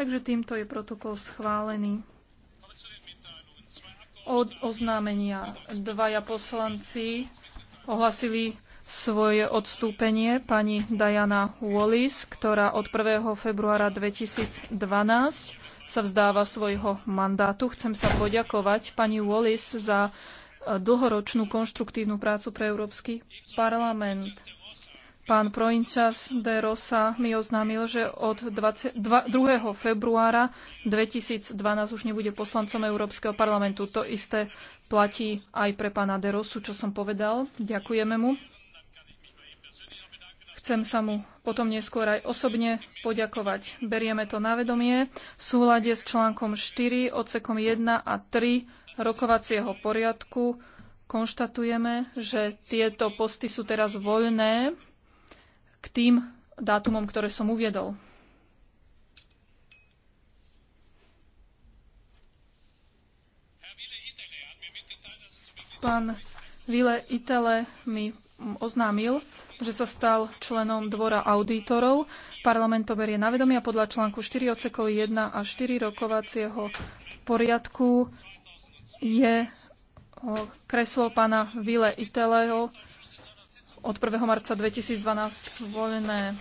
Takže týmto je protokol schválený. Od oznámenia dvaja poslanci ohlasili svoje odstúpenie pani Diana Wallis, ktorá od 1. februára 2012 sa vzdáva svojho mandátu. Chcem sa poďakovať pani Wallis za dlhoročnú konštruktívnu prácu pre Európsky parlament. Pán Proinčas de Rosa mi oznámil, že od 2. februára 2012 už nebude poslancom Európskeho parlamentu. To isté platí aj pre pána de Rosu, čo som povedal. Ďakujeme mu. Chcem sa mu potom neskôr aj osobne poďakovať. Berieme to na vedomie v súlade s článkom 4, odsekom 1 a 3 rokovacieho poriadku. Konštatujeme, že tieto posty sú teraz voľné k tým dátumom, ktoré som uviedol. Pán Vile Itele mi oznámil, že sa stal členom dvora auditorov. Parlament to berie na vedomie a podľa článku 4 odsekov 1 a 4 rokovacieho poriadku je kreslo pána Vile Iteleho od 1. marca 2012 voľné